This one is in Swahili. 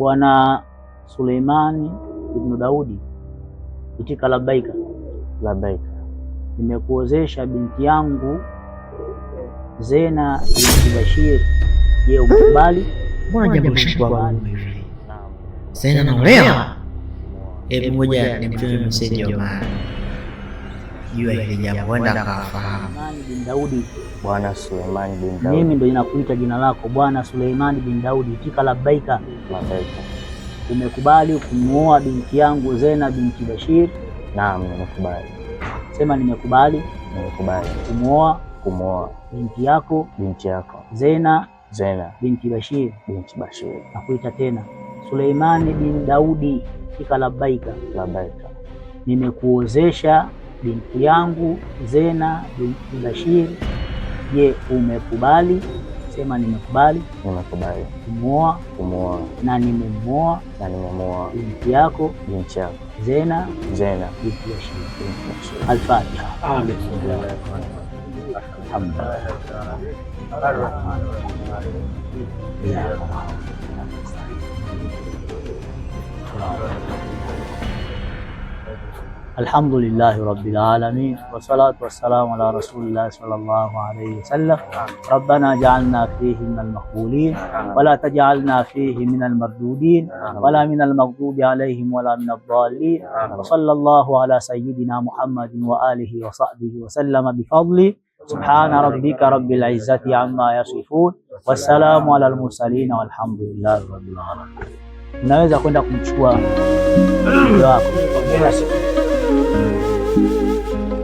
Bwana Suleimani Ibnu Daudi itika labaika labaika, nimekuozesha binti yangu Zena binti Bashir. Je, umekubali? Mbona jambo Zena naolewa? Hebu ngoja nimtume meseji wa maana jua hili jambo, wenda kafahamu. bin Daudi, bwana Suleimani bin Daudi, mimi ndo inakuita jina lako bwana Suleimani bin Daudi, tika labbaika, umekubali kumuoa binti yangu Zena binti Bashir? Naam, nimekubali. Sema nimekubali. Nimekubali kumuoa kumuoa binti yako binti yako Zena Zena binti Bashir binti Bashir. Nakuita tena Suleimani bin Daudi, tika labbaika labbaika, nimekuozesha binti yangu Zena binti Bashir, je, umekubali? Sema nimekubali. Nimekubali kumuoa. Kumuoa na nimemoa Na nimemoa binti yako. Binti yako Zena. Zena binti Bashir. Alfatiha. Amin. الحمد لله رب العالمين والصلاة والسلام على رسول الله صلى الله عليه وسلم ربنا جعلنا فيه من المقبولين ولا تجعلنا فيه من المردودين ولا من المغضوب عليهم ولا من الضالين وصلى الله على سيدنا محمد وآله وصحبه وسلم بفضله سبحان ربك رب العزة عما يصفون والسلام على المرسلين والحمد لله رب العالمين. Unaweza kwenda kumchukua wako. thank you